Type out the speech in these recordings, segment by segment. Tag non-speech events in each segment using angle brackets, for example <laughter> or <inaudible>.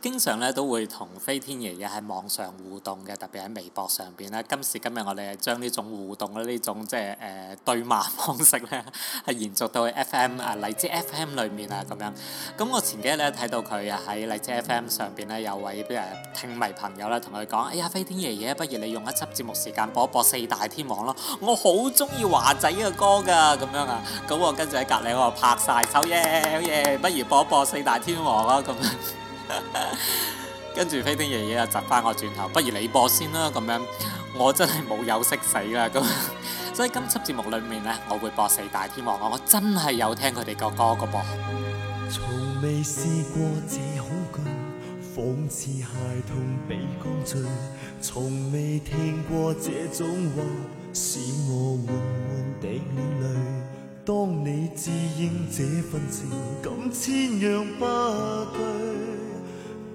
經常咧都會同飛天爺爺喺網上互動嘅，特別喺微博上邊咧。今時今日我哋將呢種互動咧，呢種即係誒對罵方式咧，係延續到 FM 啊荔枝 FM 裏面啊咁樣。咁我前幾日咧睇到佢喺荔枝 FM 上邊咧，有位誒聽迷朋友咧同佢講：哎呀飛天爺爺，不如你用一輯節目時間播一播四大天王咯，我好中意華仔嘅歌噶，咁樣啊。咁我跟住喺隔離，我話拍晒手耶耶，不如播一播四大天王咯咁。 <laughs> 跟住飛天爺爺又窒翻我轉頭， <laughs> 不如你播先啦咁 <laughs> 樣，我真係冇有息死啦咁， <laughs> 所以今集節目裏面呢，我會播四大天王，我真係有聽佢哋個歌個噃。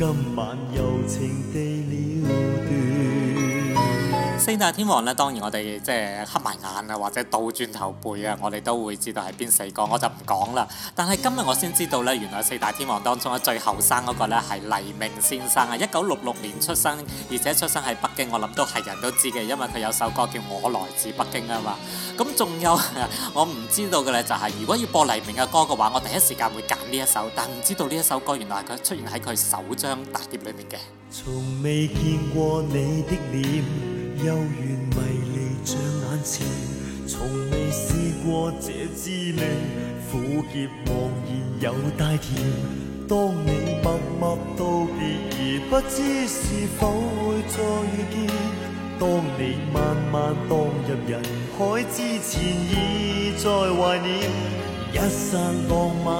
今晚柔情地了斷。四大天王呢，當然我哋即係黑埋眼啊，或者倒轉頭背啊，我哋都會知道係邊四個，我就唔講啦。但係今日我先知道呢，原來四大天王當中最後生嗰個呢，係黎明先生啊，一九六六年出生，而且出生喺北京，我諗都係人都知嘅，因為佢有首歌叫我來自北京啊嘛。咁仲有我唔知道嘅咧、就是，就係如果要播黎明嘅歌嘅話，我第一時間會呢一首，但唔知道呢一首歌，原來佢出現喺佢首張大碟裏面嘅。從未見過你的臉，幽怨迷離，像眼前。從未試過這滋味，苦澀茫然又帶甜。當你默默道別，而不知是否會再遇見。當你慢慢蕩入人海之前，已在懷念。一剎浪漫。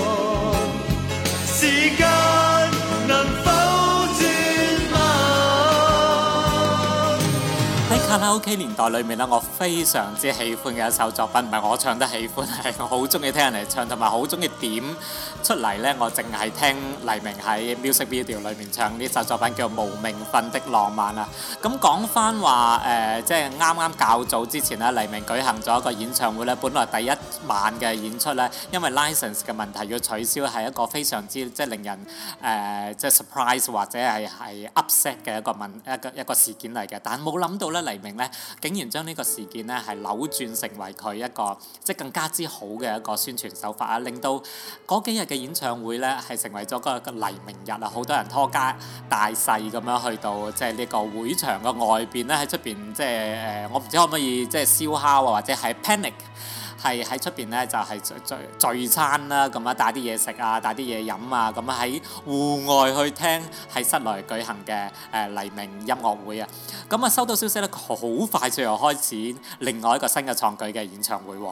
《卡拉 OK》年代裏面咧，我非常之喜歡嘅一首作品，唔係我唱得喜歡，係我好中意聽人哋唱，同埋好中意點出嚟咧。我淨係聽黎明喺 Music Video 裏面唱呢首作品叫《無名份的浪漫》啊。咁講翻話誒即係啱啱較早之前咧，黎明舉行咗一個演唱會咧，本來第一晚嘅演出咧，因為 license 嘅問題要取消，係一個非常之即係、就是、令人誒即、呃、係、就是、surprise 或者係係 upset 嘅一個問一個一個事件嚟嘅，但係冇諗到咧黎。明咧，竟然將呢個事件咧，係扭轉成為佢一個即係更加之好嘅一個宣傳手法啊！令到嗰幾日嘅演唱會咧，係成為咗個黎明日啊！好多人拖家大細咁樣去到即係呢個會場嘅外邊咧，喺出邊即係誒，我唔知可唔可以即係燒烤啊，或者係 panic 係喺出邊咧，面就係聚聚聚餐啦，咁啊帶啲嘢食啊，帶啲嘢飲啊，咁啊喺戶外去聽喺室內舉行嘅誒黎明音樂會啊，咁啊收到消息咧，好快就又開始另外一個新嘅創舉嘅演唱會喎。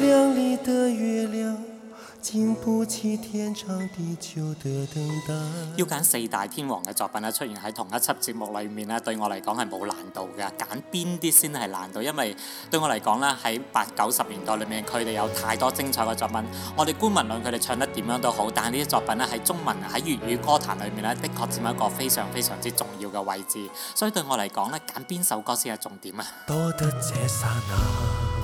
亮你的月亮禁不起天長地久的等待。要揀四大天王嘅作品呢，出現喺同一輯節目裏面呢，對我嚟講係冇難度嘅。揀邊啲先係難度？因為對我嚟講呢，喺八九十年代裏面，佢哋有太多精彩嘅作品。我哋姑勿論佢哋唱得點樣都好，但係呢啲作品呢，喺中文、喺粵語歌壇裏面呢，的確佔一個非常非常之重要嘅位置。所以對我嚟講呢，揀邊首歌先係重點啊！多得這剎那。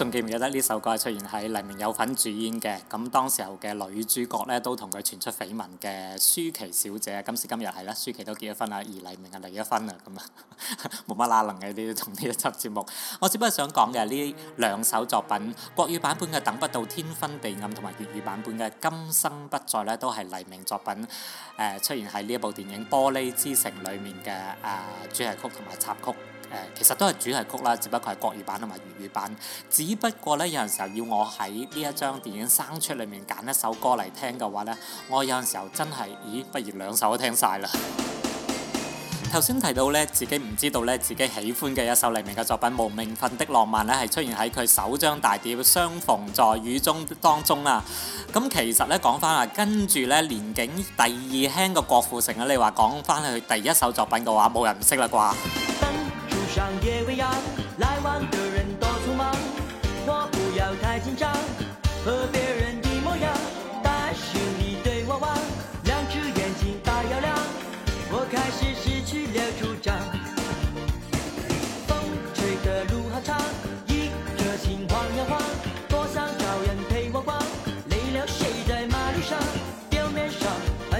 仲記唔記得呢首歌係出現喺黎明有份主演嘅？咁當時候嘅女主角咧都同佢傳出緋聞嘅舒淇小姐，今時今日係啦，舒淇都結咗婚啦，而黎明啊離咗婚啦，咁啊冇乜啦能嘅呢？同呢一輯節目，我只不過想講嘅係呢兩首作品，國語版本嘅《等不到天昏地暗》同埋粵語版本嘅《今生不再》咧，都係黎明作品誒、呃、出現喺呢一部電影《玻璃之城》裏面嘅啊、呃、主題曲同埋插曲誒、呃，其實都係主題曲啦，只不過係國語版同埋粵語版。只不過呢，有陣時候要我喺呢一張電影生出裏面揀一首歌嚟聽嘅話呢，我有陣時候真係，咦，不如兩首都聽晒啦。頭先 <music> 提到呢，自己唔知道呢，自己喜歡嘅一首黎明嘅作品《無名份的浪漫》呢，係出現喺佢首張大碟《相逢在雨中》當中啦。咁、嗯、其實呢，講翻啊，跟住呢，年景第二輕嘅郭富城啊，你話講翻佢第一首作品嘅話，冇人唔識啦啩。 <music>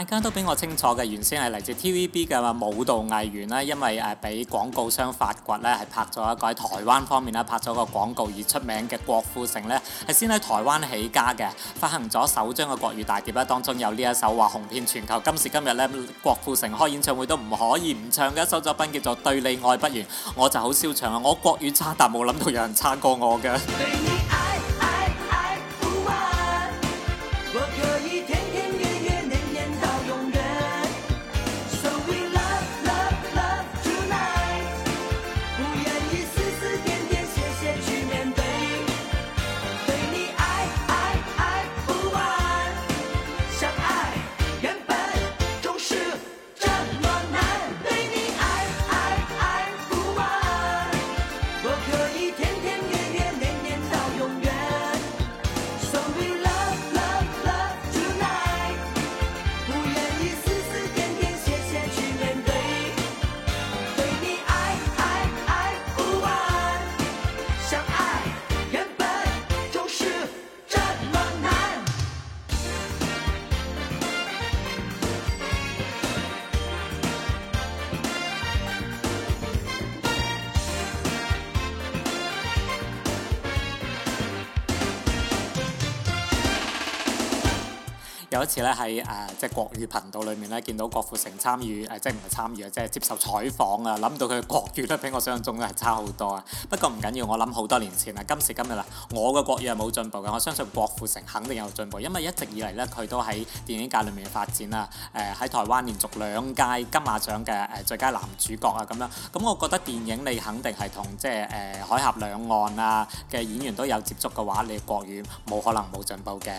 大家都比我清楚嘅，原先係嚟自 TVB 嘅舞蹈藝員啦，因為誒俾廣告商發掘咧，係拍咗一個喺台灣方面啦，拍咗個廣告而出名嘅郭富城呢係先喺台灣起家嘅，發行咗首張嘅國語大碟啦，當中有呢一首話紅遍全球，今時今日呢，郭富城開演唱會都唔可以唔唱嘅一首作品叫做《對你愛不完》，我就好笑場啊，我國語差，但冇諗到有人差過我嘅。有一次咧，喺誒即係國語頻道裏面咧，見到郭富城參與誒，即係唔係參與啊，即係接受採訪啊。諗到佢嘅國語都比我想象中嘅係差好多啊。不過唔緊要，我諗好多年前啦，今時今日啦，我嘅國語係冇進步嘅。我相信郭富城肯定有進步，因為一直以嚟咧，佢都喺電影界裏面發展啊。誒喺台灣連續兩屆金馬獎嘅誒最佳男主角啊，咁樣咁，我覺得電影你肯定係同即係誒海峽兩岸啊嘅演員都有接觸嘅話，你國語冇可能冇進步嘅。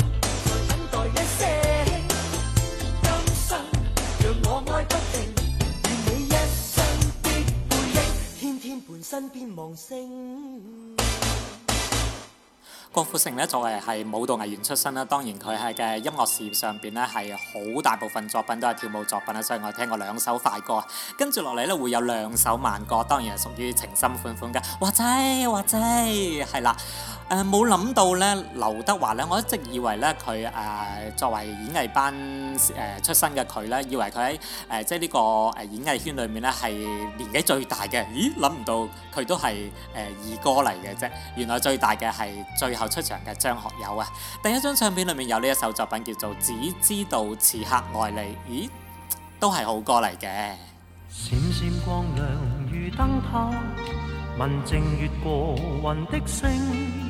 本身郭富城呢，作為係舞蹈藝員出身啦，當然佢係嘅音樂事業上邊呢，係好大部分作品都係跳舞作品啦，所以我聽過兩首快歌，跟住落嚟呢會有兩首慢歌，當然係屬於情深款款嘅，哇仔哇仔，係啦。誒冇諗到呢，劉德華呢，我一直以為呢，佢誒、呃、作為演藝班誒、呃、出身嘅佢呢，以為佢喺誒即係呢個演藝圈裏面呢係年紀最大嘅。咦，諗唔到佢都係誒、呃、二哥嚟嘅啫。原來最大嘅係最後出場嘅張學友啊！第一張唱片裏面有呢一首作品叫做《只知道此刻愛你》，咦，都係好歌嚟嘅。閃閃光亮如燈塔，文靜越過雲的星。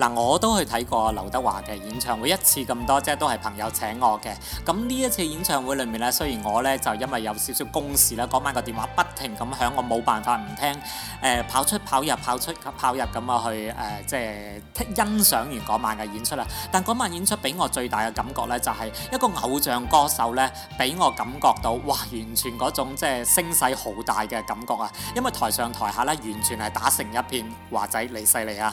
嗱，我都去睇過劉德華嘅演唱會一次咁多，即係都係朋友請我嘅。咁呢一次演唱會裏面呢，雖然我呢就因為有少少公事啦，嗰晚個電話不停咁響，我冇辦法唔聽。誒、呃、跑出跑入跑出跑入咁啊去誒、呃，即係欣賞完嗰晚嘅演出啦。但嗰晚演出俾我最大嘅感覺呢，就係一個偶像歌手呢，俾我感覺到哇，完全嗰種即係聲勢好大嘅感覺啊！因為台上台下呢，完全係打成一片。華仔你犀利啊！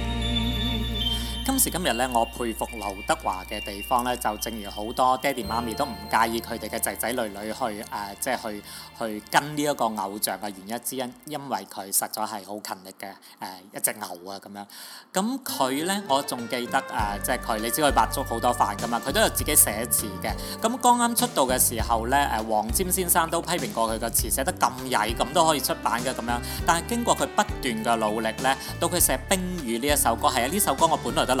今時今日咧，我佩服劉德華嘅地方咧，就正如好多爹哋媽咪都唔介意佢哋嘅仔仔女女去誒、呃，即係去去跟呢一個偶像嘅原因之一，因為佢實在係好勤力嘅誒一隻牛啊咁樣。咁佢咧，我仲記得誒，即係佢你知佢白粥好多飯噶嘛，佢都有自己寫詞嘅。咁剛啱出道嘅時候咧，誒黃霑先生都批評過佢嘅詞寫得咁曳，咁都可以出版嘅咁樣。但係經過佢不斷嘅努力咧，到佢寫《冰雨》呢一首歌，係啊，呢首歌我本來都～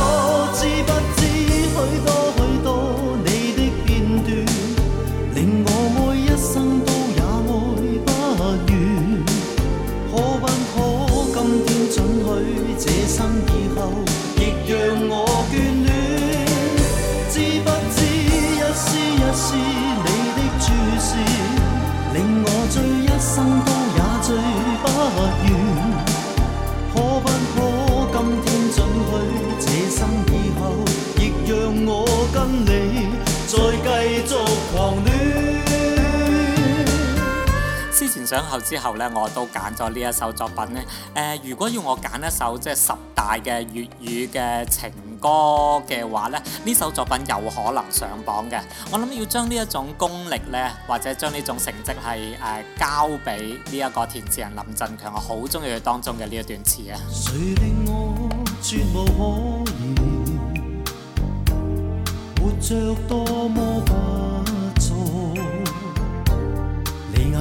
然後之後呢，我都揀咗呢一首作品呢誒、呃，如果要我揀一首即係十大嘅粵語嘅情歌嘅話呢，呢首作品有可能上榜嘅。我諗要將呢一種功力呢，或者將呢種成績係誒、呃、交俾呢一個填詞人林振強。我好中意佢當中嘅呢一段詞啊。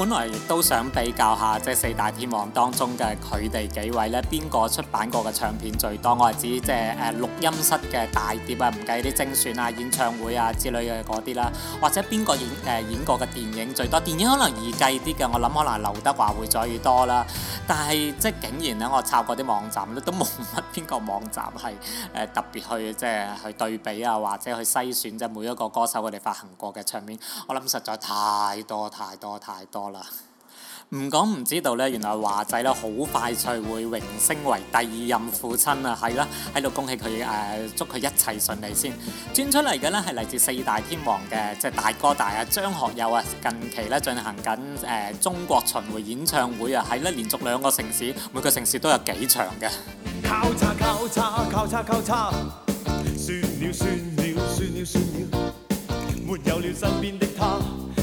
本來亦都想比較下即係四大天王當中嘅佢哋幾位咧，邊個出版過嘅唱片最多？我係指即係誒錄音室嘅大碟啊，唔計啲精選啊、演唱會啊之類嘅嗰啲啦。或者邊個演誒、呃、演過嘅電影最多？電影可能易計啲嘅，我諗可能劉德華會最多啦。但係即係竟然咧，我查過啲網站咧，都冇乜邊個網站係誒、呃、特別去即係去對比啊，或者去篩選即係每一個歌手佢哋發行過嘅唱片。我諗實在太多太多太多。太多啦，唔講唔知道咧，原來華仔咧好快脆會榮升為第二任父親啊！係啦，喺度恭喜佢誒，祝佢一切順利先。轉出嚟嘅呢係嚟自四大天王嘅，即係大哥大啊，張學友啊，近期咧進行緊誒、呃、中國巡迴演唱會啊，係咧連續兩個城市，每個城市都有幾場嘅。交叉交叉交叉交叉，算了算了算了算了，沒有了身邊的他。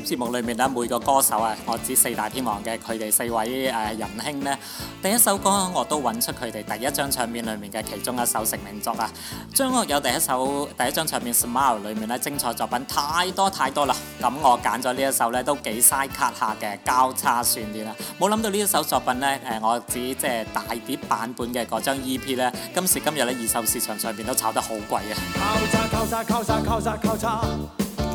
節目裏面咧，每個歌手啊，我指四大天王嘅佢哋四位誒仁、呃、兄呢，第一首歌我都揾出佢哋第一張唱片裏面嘅其中一首成名作啊。張學友第一首第一張唱片 Smile 裏面咧，精彩作品太多太多啦，咁我揀咗呢一首呢，都幾曬卡下嘅交叉算了啊！冇諗到呢一首作品呢，誒，我指即係大碟版本嘅嗰張 EP 呢，今時今日咧，二手市場上面都炒得好貴啊！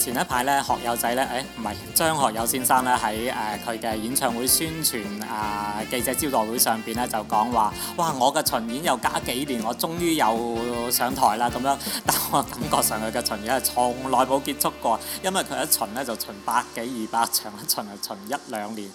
前一排咧，學友仔咧，誒唔係張學友先生咧，喺誒佢嘅演唱會宣傳啊、呃、記者招待會上邊咧，就講話，哇！我嘅巡演又隔咗幾年，我終於又上台啦咁樣，但我感覺上佢嘅巡演係從來冇結束過，因為佢一巡咧就巡百幾二百場，一巡啊巡一兩年。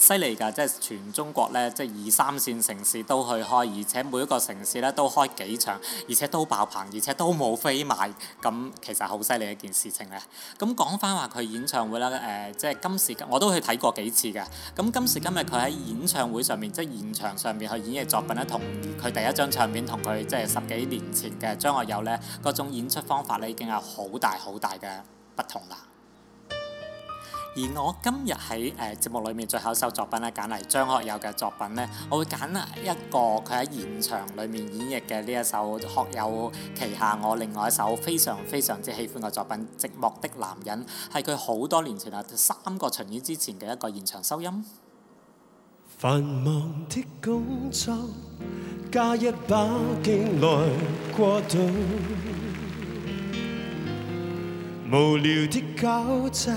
犀利㗎，即係全中國咧，即係二三線城市都去開，而且每一個城市咧都開幾場，而且都爆棚，而且都冇飛賣，咁其實好犀利一件事情咧。咁講翻話佢演唱會啦，誒，即係今時我都去睇過幾次嘅。咁今時今日佢喺演唱會上面，即係現場上面去演繹作品咧，同佢第一張唱片同佢即係十幾年前嘅張學友咧，嗰種演出方法咧已經係好大好大嘅不同啦。而我今日喺誒節目裏面最後一首作品咧，揀嚟張學友嘅作品呢，我會揀一個佢喺現場裏面演繹嘅呢一首，學友旗下我另外一首非常非常之喜歡嘅作品《寂寞的男人》，係佢好多年前啊，三個巡演之前嘅一個現場收音。繁忙的工作加一把勁來過度，無聊的交際，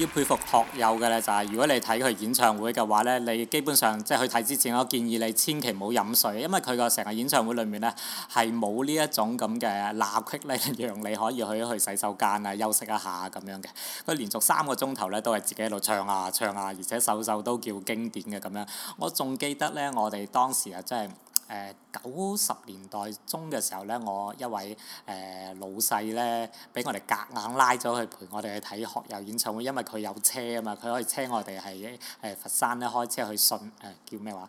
要佩服學友嘅咧，就係如果你睇佢演唱會嘅話呢，你基本上即係去睇之前，我建議你千祈唔好飲水，因為佢個成個演唱會裏面呢，係冇呢一種咁嘅罅隙呢，讓你可以去一去洗手間啊、休息一下咁樣嘅。佢連續三個鐘頭呢，都係自己喺度唱啊唱啊，而且首首都叫經典嘅咁樣。我仲記得呢，我哋當時啊，真係～誒，九十年代中嘅時候咧，我一位誒、呃、老細咧，俾我哋夾硬,硬拉咗去陪我哋去睇學友演唱會，因為佢有車啊嘛，佢可以車我哋係誒佛山咧開車去信誒、呃、叫咩話。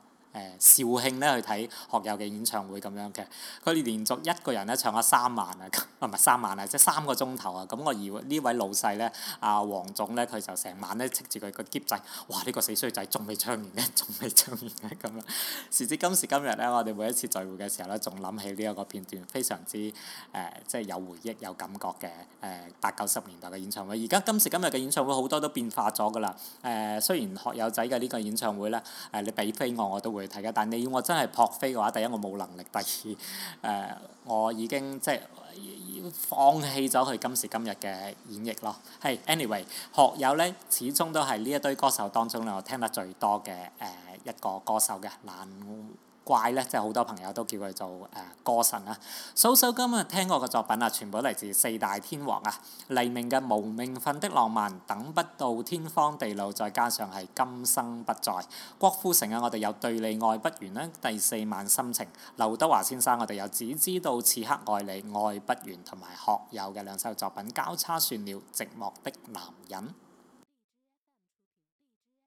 誒，肇慶咧去睇學友嘅演唱會咁樣嘅，佢哋連續一個人咧唱咗三晚啊，唔係三晚啊，即係三個鐘頭啊，咁我而呢位老細咧，阿黃總咧，佢就成晚咧斥住佢個頸仔，哇！呢、這個死衰仔仲未唱完嘅，仲未唱完嘅咁啊！時至今時今日咧，我哋每一次聚會嘅時候咧，仲諗起呢一個片段，非常之誒，即、呃、係、就是、有回憶有感覺嘅誒八九十年代嘅演唱會。而家今時今日嘅演唱會好多都變化咗㗎啦。誒、呃，雖然學友仔嘅呢個演唱會咧，誒、呃、你俾飛我，我都會。係嘅，但你要我真係撲飛嘅話，第一我冇能力，第二誒、呃，我已經即係放棄咗佢今時今日嘅演繹咯。係，anyway，學友呢始終都係呢一堆歌手當中，我聽得最多嘅誒、呃、一個歌手嘅難怪咧，即係好多朋友都叫佢做誒、呃、歌神啊。首首今日聽過嘅作品啊，全部嚟自四大天王啊。黎明嘅《無名份的浪漫》，等不到天荒地老，再加上係今生不再。郭富城啊，我哋有對你愛不完啦、啊。第四晚心情，劉德華先生我哋有只知道此刻愛你愛不完，同埋學友嘅兩首作品交叉算了。寂寞的男人。